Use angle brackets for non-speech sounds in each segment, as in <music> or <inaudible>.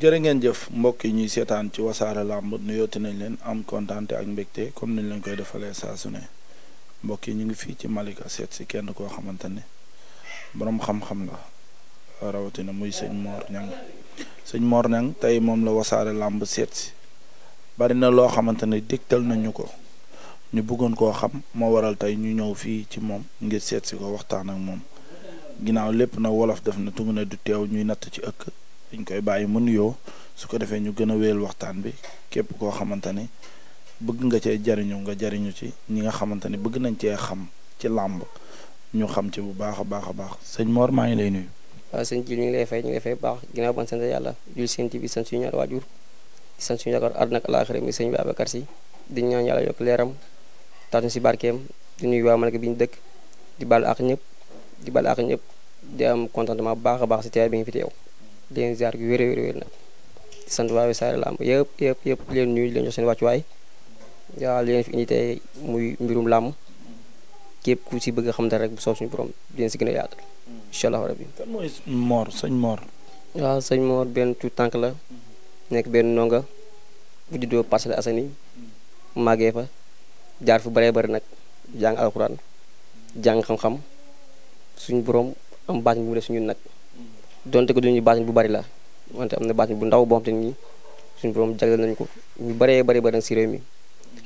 jërë ngeen jëf mbokk yi ñuy seetaan ci wasaare làmb nuyooti nañ leen am kontaan ak mbégte comme niñ leen koy defalee saa su ne mbokk yi ñu ngi fii ci Malika seet si kenn koo xamante ne boroom xam-xam la rawatina muy sëñ Mor Niang sëñ Mor Niang tey moom la wasaare làmb seet si bari na loo xamante ne digtal nañu ko ñu buggoon koo xam moo waral tey ñu ñëw fii ci moom ngir seet si ko waxtaan ak moom ginnaaw lépp na wolof def na tungu ne du teew ñuy natt ci ëkk. dañ koy bàyyi mu nuyoo su ko defee ñu gën a wéyal waxtaan bi képp koo xamante ni bëgg nga cee jariñu jariñu ci ñi nga xamante ni bëgg nañ cee xam ci làmb ñu xam ci bu baax a baax a baax sëñ Mor maa ngi lay nuyu. sëñ Jil ñu ngi lay fay ñu ngi lay fay baax ginnaaw ban sant bi sant suñu ñaar waajur sant suñu yaakaar àdduna ak àllaaxira mi sëñ Babacar Si di ñaan yàlla yokk leeram taas ñu si barkeem di nuyu waa Malika bi ñu dëkk di baalu ak ñëpp di baalu ak ñëpp di am contentement bu baax a baax si teewaay bi nga fi teew di leen ziar gi wér wér wér nag di sant waa Wassare Lamb yëpp yëpp yëpp leen nuyu leen jox seen wàccuwaay waaw leen fi indi tey muy mbirum làmb képp ku si bëgg a xam dara rek bu soob suñu borom di leen si gën a yaatal incha allahu rabbi kan benn tout tànk la nekk benn ndonga bu juddoo Parcelles Assainies màggee fa jaar fu bare bëri nag jàng alxuraan jàng xam-xam suñu borom am baax mu def suñu nag donte ko duñu baatin bu bari la wante am na baatin bu ndaw boo xam te ni suñu borom jagleel nañ ko ñu bëree bëri bëri si réew mi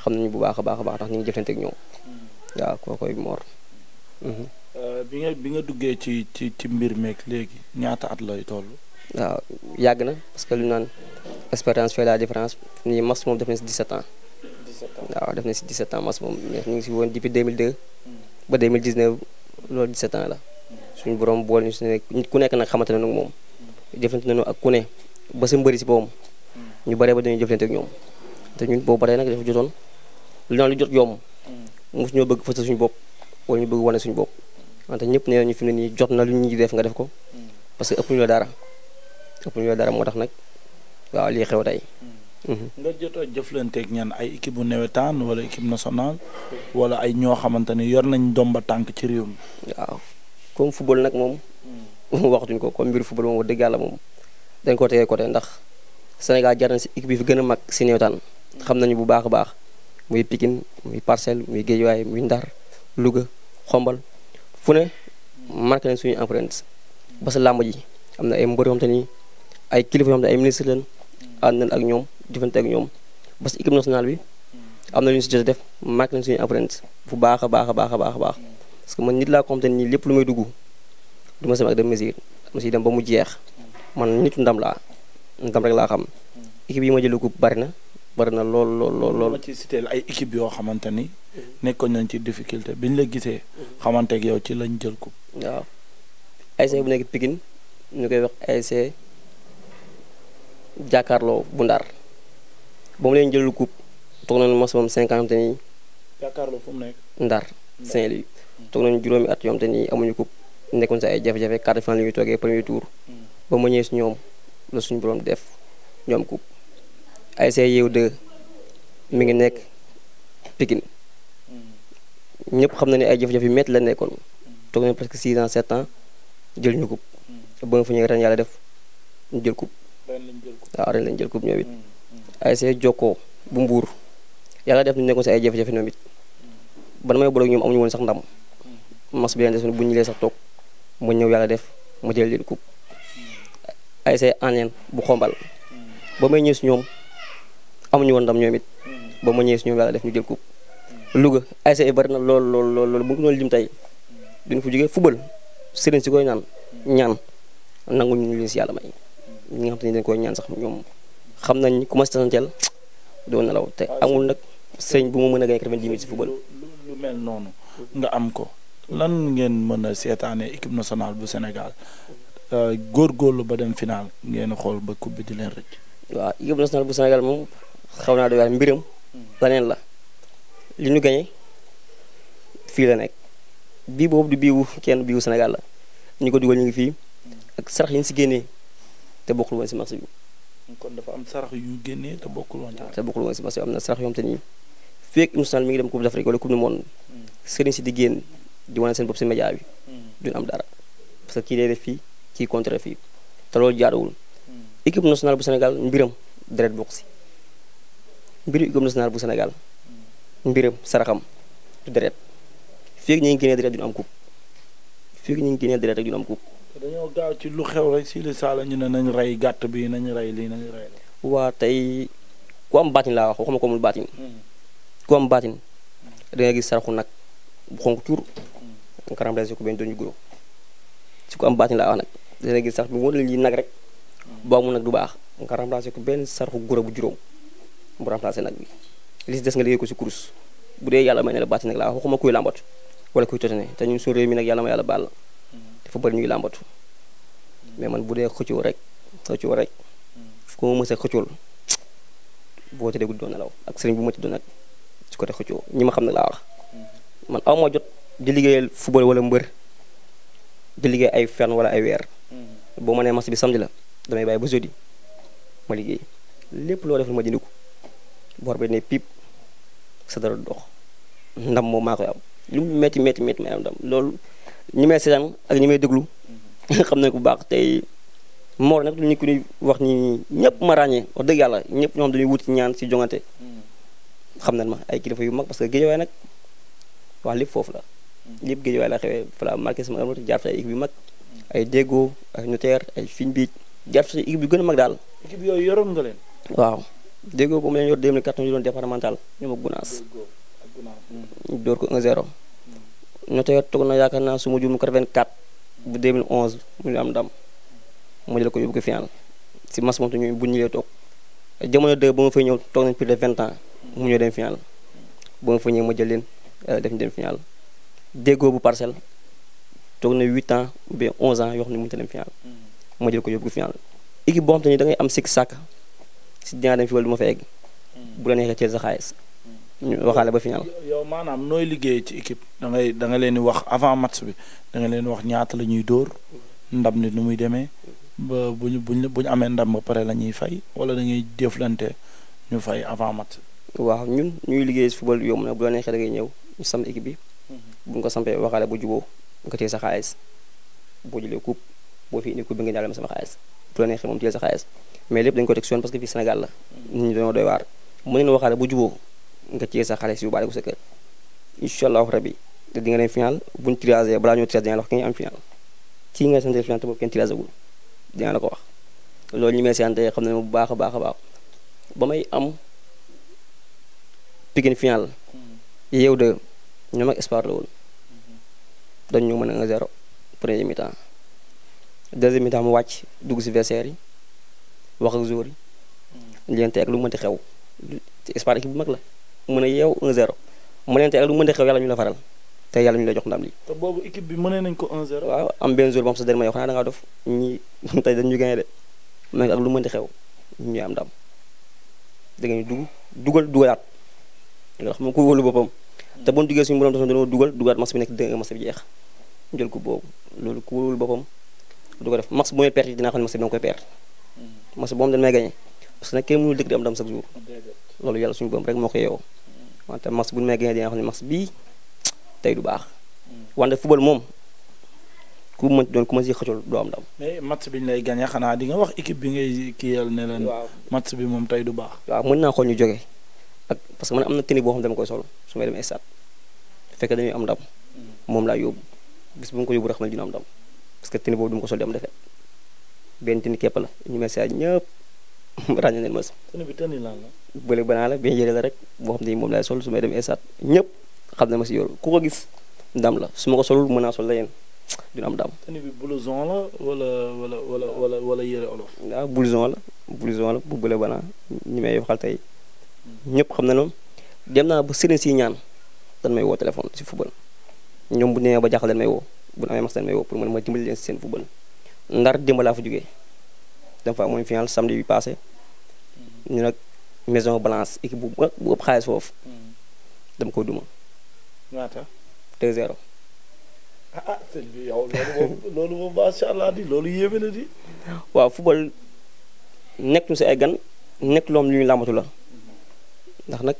xam nañu bu baax a baax a baax tax ñu ngi jëflante ak ñoom mm. waaw kookoy Mor. Mm-hmm. Euh, bi bi nga duggee ci ci ci mbir meeg léegi ñaata at lay toll. yàgg na parce que lu ñu naan expérience fait la différence nii mas moom def na si 17 ans. 17 ans waaw def na si 17 ans mas moom ñu ngi si woon depuis 2002. Mm. ba 2019 loolu 17 ans la. suñu borom boole ñu si ne ku nekk nag xamante ne nag moom jëflante nañu ak ku ne ba sa mbëri si boppam ñu baree ba dañuy jëflante ak ñoom te ñun boobu baree nag dafa jotoon lu naan lu jot yomb mosu ñoo bëgg fësal suñu bopp wala ñu bëgg wane suñu bopp wante ñëpp nee nañu fi ne nii jot na lu ñuy def nga def ko parce que ëpp ñu la dara ëpp ñu la dara moo tax nag waaw lii xew tey mm-hmm. nga jot a jëflanteeg ñan ay équipe bu nawetaan wala équipe nationale wala ay ñoo xamante ne yor nañ domba tànk ci réew mi. comme football nag moom <laughs> waxatuñ ko comme mbiru football moom wax dëgg yàlla moom dañ ko tegee côté ndax Sénégal jar na si équipe bi fi gën a mag si néewtaan xam nañu bu baax a baax muy Pikine muy Parcelles muy Guédiawaye muy Ndar Louga Xombal fu ne marqué nañ suñu empreinte am na ay mbër te ni ay kilifa yoo xam te ay ministre leen ñoom jëfante ak ñoom ba si équipe nationale bi am na lu ñu si a def bu a baax a baax a baax a baax parce que man nit laa compte nii lépp lu may dugg du ma sama ak de mesure ma siy dem ba mu jeex man nitu ndam laa ndam rek laa xam équipe yi ma jëlee coupe bari na bari na lool lool lool ay équipe yoo xamante ni nekkoon nañ ci difficulté ñu la gisee xamante ak yow ci lañ jël coupe. waaw ASC bu nekk Pikine ñu koy wax ASC jàkkaarloo bu Ndar ba mu leen jëlul coupe toog nañu maximum cinquante ni. Ndar Saint-Louis. toog nañu juróomi at yoo xam te ni amuñu ko nekkoon sa ay jafe-jafe quart de finale la ñuy toogee premier tour. Hmm. ba mu si ñoom la suñu borom def ñoom coupe mi ngi nekk Pikine hmm. ñëpp xam na ne ay jafe yu métti la nekkoon hmm. toog nañu presque 6 ans 7 ans jël ñu coupe ba nga fa yàlla def ñu jël coupe. jël coupe waaw ren Jokkoo bu Mbuur yàlla def ñu nekkoon si ay jafe-jafe ñoom it. ba damay boole ñoom amuñu woon sax ndam. mas bi des bu ñu lee sax toog ma ñëw yàlla def mu jël leen coupe ASC Hann bu xombal ba may ñëw si ñoom amuñu woon ndam ñoom it ba ma ñëw si ñoom yàlla def ñu jël coupe Louga ASC yi bari na lool lool lool lool bu ñu doon lim tey duñ fu jógee fubal sëriñ si koy naan ñaan nangu ñu leen si yàlla may ñi nga xam te ne dañ koy ñaan ñoom xam nañ commencé tasanteel doon nelaw te amul nag sëñ bu mu mën a gagné 90 minutes si fubal lu mel noonu nga am ko lan ngeen mën a seetaanee équipe nationale bu Sénégal euh, góorlu ba dem final ngeen xool ba coupe bi di leen rëcc. waaw équipe nationale bu Sénégal moom xaw naa doy waar mbiram. laneen la li ñu gañe fii la nekk bii boobu di biiwu kenn biiwu Sénégal la ñu ko dugal ñu ngi fii ak sarax yi ñu si génnee te bokkul woon si match bi. kon dafa am yu génnee te bokkul woon bokkul si match am na sarax yoo te ni fii ak national mi ngi dem coupe d'Afrique wala coupe du monde hmm. sëriñ si di génn. di wane seen bopp si média bi mm. duñ am dara parce que kii day def fii kii contre fii te loolu jaaduwul mm. équipe nationale bu Sénégal mbiram deret bokk si mbiru équipe nationale bu Sénégal mm. mbiram saraxam du deret fii ñu ngi génnee deret duñu am coupe fii ñu ngi génnee deret rek duñu am coupe lu xew rek si li saala ñu ne nañ rey gàtt bi nañ rey lii nañ waa tey ku am baatin laa wax waxuma ko mul baatin ku am baatin da gis saraxu nag bu xonk cuur ñu ko remplacé ku benn am baatin laa wax nag dina gis sax bi won la lii nag rek boo amul nag du baax nga ko remplacé ku benn sarxu guro bu juróom bu remplacé nag bi li des nga liggéey ko si kurus bu dee yàlla may ne la baatin nag laa waxuma kuy làmbatu wala kuy totane te ñun suñu réew mi nag yàlla ma yàlla baal la mm-hmm. dafa bëri ñuy làmbatu mais man bu dee xëccoo rek xëccoo rek fu ma mës a xëccool boo tëddee guddi doon nelaw ak sëriñ bu ma ci doon nag ci côté xëccoo ñi ma xam nag laa wax mm-hmm. man aw jot di liggéeyal football wala mbër di liggéey ay fen wala ay weer mm. boo ma nee match bi samedi la damay bàyyi ba jeudi ma liggéey lépp loo def ma jënd ko bor bi ne pip sa dara dox ndam moom maa koy am lu mu métti métti métti may am ndam loolu ñi may seetaan ak ñi may déglu mm-hmm. <laughs> xam nañ ko bu baax tey moo nag lu ñu ko ñuy wax ni ñëpp ma ràññee wax dëgg yàlla ñëpp ñoo xam dañuy wuti ñaan si jongante mm. nañ ma ay kilifa yu mag parce que géejawaay nag wax lépp foofu la. lépp géej waay la xewee voilà marqué sama amat jàpp sa équipe yu mag ay déggoo ay notaire ay fiñ biij jàpp sa équipe yu gën a mag daal équipe yooyu yoroon nga leen waaw déggoo boobu leen yor 2014 ñu doon départemental ñoom hmm. hmm. na yaakaar naa su ma juum 84 bu 2011 mu ñu am ndam mu jël ko yóbbu ko final si mas moom ñu bu ñu ñëwee toog jamono ba de 20 ans mu ñëw dem final ba ma fay ñëw ma jël leen euh, def ñu dem final déggoo bu parcelle toog na huit ans ou bien onze ans yoo xam ne mënut a dem final. ma hmm. ko yóbbu final. équipe boo xam te ni da ngay am sikk sàkk si dinaa dem ma fa egg. Hmm. bu la neexee teel sa xaalis. Hmm. ñu waxaale ba yow maanaam nooy liggéey ci équipe da ngay da leen di wax avant match bi da nga leen wax ñaata la ñuy dóor ndam ni nu muy demee ba bu ñu bu ñu amee ndam ba pare la ñuy fay wala da ngay ñu fay avant match. waaw ñun ñuy liggéey si football yomb na bu la neexee da ngay ñëw ñu sam équipe bi. bu buñ ko sampee waxaale bu juboo nga téye sa xaalis boo jëlee coupe boo fii indi coupe bi nga ñaale ma sama xaalis bu la neexee moom téye sa xaalis mais lépp dañ ko teg si yoon parce que fii Sénégal la nit ñi dañoo doy waar mën nañu waxaale bu juboo nga téye sa xaalis yu baale ko sa kër incha allahu rabi te di nga dem final buñ tirage balaa ñoo tirage dinañ la wax ki nga am final kii nga sant final te boobu kenn tirage agul dinañ la ko wax loolu ñu may seante xam ne bu baax a baax a baax ba may am Pikine final hmm. yow de ñoom ak espoir la dañu ñu mën a 1-0 premier mi-temps deuxième mi-temps mu wàcc dugg si vestiaire yi wax ak joueur yi mm. leente ak lu mënti xew espoir bu mag la mën a yeew 1-0 mu leente ak lu mënti xew yàlla ñu la faral te yàlla ñu lay jox ndam li te boobu équipe bi mën mënee nañ ko 1-0. waaw am benn joueur boo xam sa dernier yow xanaa ah, da ngaa dof ñi <laughs> tey dañ ñu gagné de mais ak lu mënti xew ñu am ndam da nga dugg dugal dugalaat nga xam ku wóolu boppam te bu ñu duggee suñu borom dafa dañoo dugal dugaat max bi nekk dëgg max bi jeex ñu ko boobu loolu ku wóorul boppam du ko def max bu may perte dinaa xam ne max bi dama koy perte hmm. max boobu dañ may gagné parce que am dam chaque jour loolu yàlla suñu borom rek moo ko yeewoo hmm. wante max bu ñu may gagné dinaa xam ne max bii <tsk> tey du baax hmm. wante football moom ku mu doon ku ma si xëccul doo am ndam. mais match bi ñu xanaa di nga wax équipe bi ngay kiyal ne leen. match bi moom tey du baax. waaw mën naa xool ñu jógee ak parce que man am na tenue boo xam ne dama koy sol su may dem stade fekk dañuy am ndam moom laa yóbbu bis bu ma ko yóbbu rek xam ne dina am ndam parce que tenue boobu dama ko sol di am defet benn tenue képp la ñu mel si waat ñëpp <laughs> ràññe nañ ma si. tenue bi tenue lan la. bële banaa la bien jëlee la rek boo xam ne moom laay sol su may dem stade ñëpp xam na ma si yow ku ko gis ndam la su ma ko solul mën naa sol la yéen <tsk> dina am ndam. tenue bi blouson la wala wala wala wala yére olof. waaw ah, blouson la blouson la bu bële banaa ñi may yokkal tey. ñëpp xam nañu dem naa ba sëriñ si ñaan dañ may woo téléphone si football ñoom bu ñu ba jaaxle leen may woo bu ñu amee max leen may woo pour man ma dimbali leen si seen football ndar démb laa fa jugee dem fa amoon final samedi bi passé ñu nag maison balance équipe bu bu ëpp xaalis foofu dama ko duma. ñaata. 2-0. ah ah sëñ bi yow loolu moom <laughs> loolu moom macha allah di loolu yéeme na di. waaw football nekk ñu si ay gan nekk loom lu ñu làmbatu la. ndax nag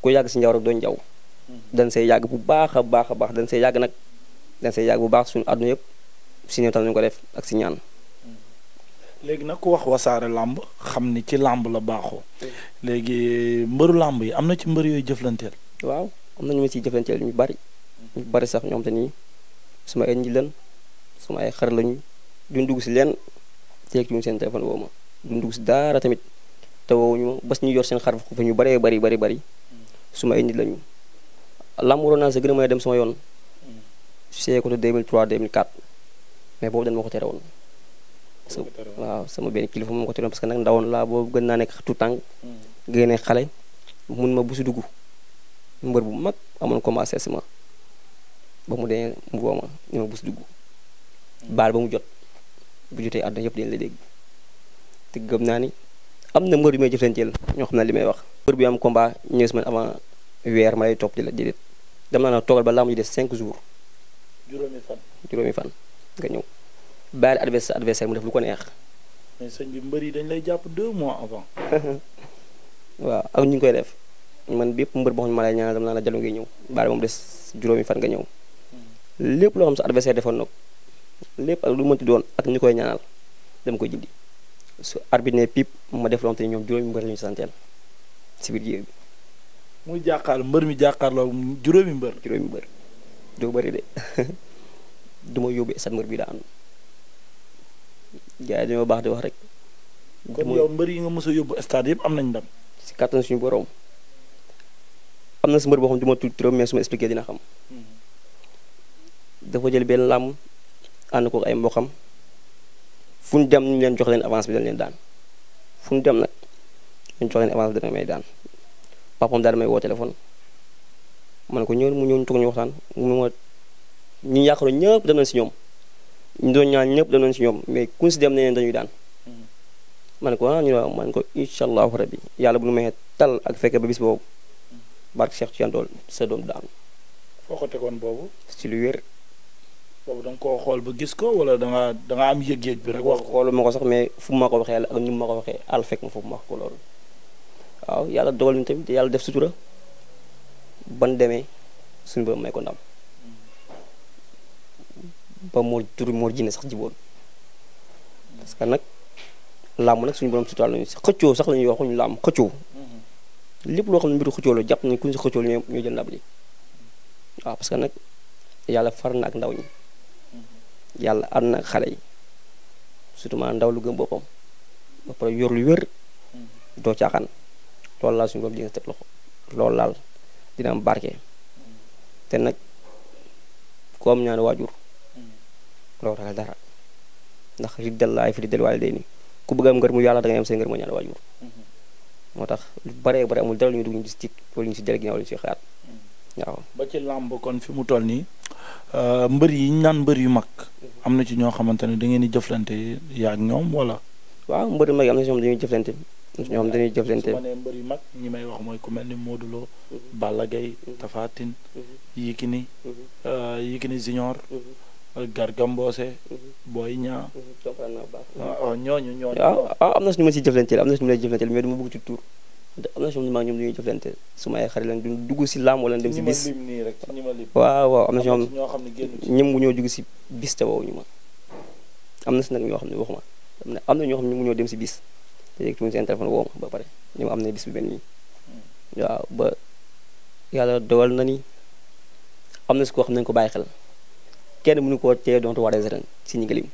ku yàgg si njaw rek doon jaw dañ say yàgg bu baax a baax a baax dañ say yàgg nag dañ say yàgg bu baax suñu àdduna yëpp si ñëw tam ko def ak si ñaan mm-hmm. léegi nag ku wax wasaare làmb xam ni ci làmb la baaxoo mm-hmm. léegi mbëru làmb yi am na ci mbër yooyu jëflanteel waaw am na ñu ma ciy jëflanteel ñu bari mm-hmm. ñu bari sax ñoom te nii suma ay njiit lañ suma ay xar lañu duñ dugg si leen teeg ñu seen téléphone woo ma si daara tamit te woow ma bas ñu yor seen xar ñu bëree bëri bëri bëri su ma indi lañu làmburoon naa sa gën dem sama yoon hmm. see ko te 2003 2004 mais boobu dañ ma tere woon sama benn kilifa moom parce que nag ndawoon laa boobu gën naa nekk tout tànk hmm. xale mun ma bu dugg mbër bu mag amoon commencé si ba mu dee mu woo ma ñu hmm. baal ba mu jot bu jotee àdduna yëpp dañ la dégg te gëm naa ni am na mbër yu may jëflanteel ñoo xam ne li may wax. mbër bi am combat ñeent semaine avant weer ma lay topp di la déedéet dem naa la toogal ba làmb ji des 5 jours. juróomi fan. juróomi fan nga ñëw bàyyi la mu def lu ko neex. sëñ bi mbër yi dañ lay jàpp 2 mois avant. <laughs> waaw ak ñu ngi koy def man bépp mbër boo ma lay ñaanal la jalo ngay ñëw baal moom des juróomi fan nga ñëw. Hmm. lépp loo xam sa adversaire defoon nag lépp ak lu mënti doon ak ñu koy ñaanal dama koy jindi su arbitre ne pip ma def lonte ñoom juróomi mbër lañu santeen si biir géew bi. muy jàkkaarloo mbër mi jàkkaarloo juróomi mbër. juróomi mbër doo bëri de <laughs> du ma yóbbu sa mbër bi daa am gars yi dañoo baax di wax rek. comme mbër yi nga mos yóbbu stade yëpp am nañ ndam. si kattan suñu borom am na si mbër boo xam ne du ma tudd trop mais su ma dina xam. Hmm. dafa jël benn làmb ànd ko ay mboqam. fu ñu dem ñu leen jox leen avance bi dañ leen daan fu ñu dem nag ñu jox leen avance bi dana may daan papaam daal may woo téléphone man ko ñëw mu ñëw ñu toog ñu waxtaan mu ma ñu ñëpp dem nañ si ñoom ñu doon ñaan ñëpp dem nañ si ñoom mais kuñ si dem ne dañuy daan man ko ah ñu ne man ko incha allahu rabbi yàlla bu ñu may tal ak fekke ba bis boobu barke Cheikh Tidiane Dool sa doom daanu. foo ko tegoon boobu. si lu wér. boobu da koo xool ba gis ko wala da nga am yëg-yëg bi rek wax xoolu ma ko sax mais fu ma ko waxee yàlla ak ni ma ko waxee àll fekk ma foofu ma ko loolu waaw yàlla dogal ñu tamit yàlla def sutura ban demee suñu borom may ko ndam ba moo tur moo jinne sax jiboon parce que nag làmb nag suñu borom sutural nañu si xëccoo sax la ñuy waxuñu làmb xëccoo mm-hmm. lépp loo xam ne mbiru xëccoo la jàpp nañ kuñ si xëccoo ñoo jël ndab li waaw parce nag yàlla far na ak ndaw ñi yàlla am na xale yi surtout ma ndaw lu gëm boppam ba pare yor lu wér doo caaxaan loolu laal suñu bopp di nga teg loxo lool laal dina am barke te nag ku am ñaani waajur loolu ragal dara ndax riddallaahi fi riddal waalidayni ku bëgg am ngërmu yàlla da ngay am seen ngërmu ñaani waajur moo tax lu baree bare amul dara lu ñu dugg ñu si tiit wala ñu si jël ginnaaw lu ñu si xalaat waaw ba ci làmb kon fi mu toll nii euh, mbër yi naan mbër yu mag am na ci ñoo xamante ne da di jëflante yaa ñoom wala. waaw mbër yu mag am na si ñoom dañuy jëflante ñoom su ma nee mbër yu mag ñi may wax mooy ku ni Modou Lo. Mhm. Balla Gaye Tapha Tine. Mhm. Yékini. Mhm. Euh, Yékini Junior. Garga Mbossé. Boy Niang. comprendre naa bu baax. ñooñu ñooñu. waaw ah, ah, am na suñu ma si jëflante am na suñu ma lay jëflante mais du ma bëgg ci tur. am na si ñoom ñuy jëflante su ma ay xarit lañ duñ dugg si làmb wala dem si bis waaw waaw am na si ñoo xam ne ñëm bu ñoo dugg si bis ñu ma am na si nag ñoo xam ne waxuma am na ñoo xam ne ñëm bu ñoo dem si bis te yëg tuuti seen téléphone woo ba pare ñu am na bis bi benn nii hmm. waaw ba yàlla dogal na ni am na si ko xam nañ ko bàyyi xel kenn mënu koo tee doontu waa des ren si ñi ngi lim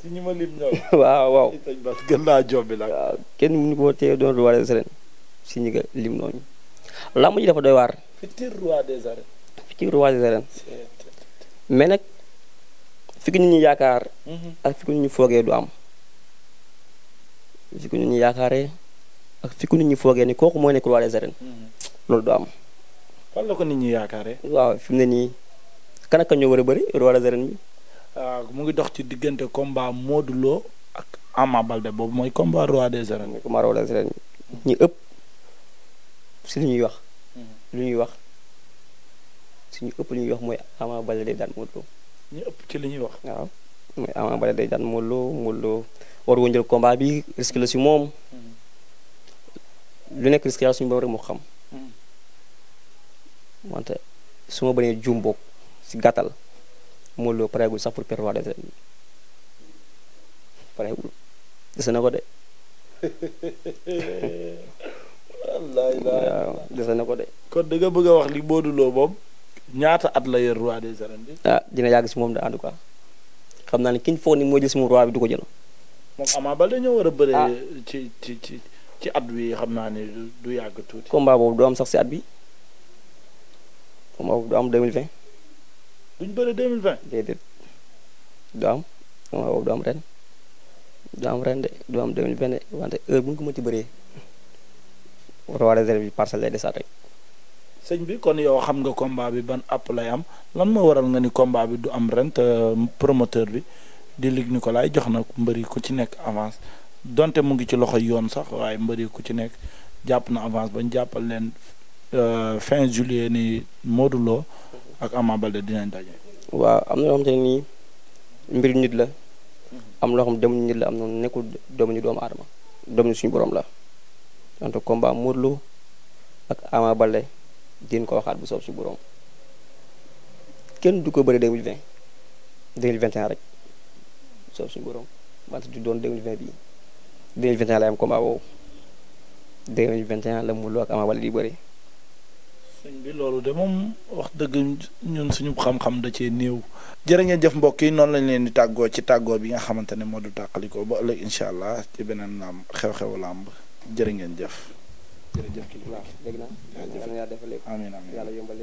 ci ñi ma lim ñoom. <laughs> waaw waaw. gën naa jombi ko tee doon roi des arènes si ñi nga lim noonu. làmb ji dafa doy waar. futur roi des arènes. futur roi des mais nag fi ku nit ñi yaakaar. Mhm. ak fi ku nit ñi foogee du am. fi ku nit ñi yaakaaree ak fi ku nit ñi foogee ni kooku mooy nekk roi des arènes. Mhm. loolu du am. fan ko nit ñi yaakaaree. waaw fi ne nii kan ñoo war a bëri roi des arènes Euh, mu ngi dox ci diggante combat Modou ak Ama Baldé boobu mooy combat roi des arènes. mooy combat roi des arènes ñi ëpp si li ñuy wax. Mm-hmm. lu ñuy wax suñu ëpp li ñuy wax mooy Ama Baldé day daan Modou ñu ëpp ci li ñuy wax. waaw mooy Ama Baldé day daan Modou Lo war woon jël combat bi risque si moom. Mm-hmm. lu nekk risque yàlla suñu borom rek moo xam. Mm-hmm. wante su ma bënee juum si gàttal. Modou Lo pareegul sax pour perroir de pareegul ko de. waaw dese ko de. kon da nga bëgg wax li Modou Lo moom ñaata at la roi des arènes bi. Ah, dina yàgg si moom de en tout cas xam naa ne kiñ foog ni moo jël si moom roi du ko jël. moom Ama Baldé ñoo war a bëre. Ah. ci ci ci ci at bi xam naa ne du yàgg tuuti. combat boobu du am sax si at bi combat boobu du am duñ bëre du am moment du am ren du am de du am 2020 wante heure bu ñu ko mënti bëree roi yi parcelle lay desaat rek. sëñ bi kon yow xam nga combat bi ban app lay am lan moo waral nga ni combat bi du am ren te euh, promoteur bi di Luc Nicolaï jox na mbëri ku ci nekk avance donte mu ngi ci loxo yoon sax waaye mbëri ku ci nekk jàpp na avance bañ jàppal leen euh, fin juillet ni Modou Lo ak Ama Baldé dinañ daje. waaw am na loo xamante ne nii mbir la am loo xam ne doomu na nekkul doomu ñu doomu aadama doomu suñu borom la donc combat Modou Lô ak Ama Baldé din ko waxaat bu soob si borom kenn du ko bëri 2020 2021 rek soob suñu borom wante du doon 2020 bii 2021 lay am combat boobu 2021 la Modou ak Ama Baldé di bëri. sëñ bi loolu de moom wax dëgg ñun suñu xam-xam da cee néew. jërë ngeen jëf mbokk yi noonu lañ leen di tàggoo ci tàggoo bi nga xamante ne moo du tàqalikoo ba ëllëg incha allah ci beneen làmb xew-xewu làmb jërë ngeen jëf. jërëjëf kii yàlla yombal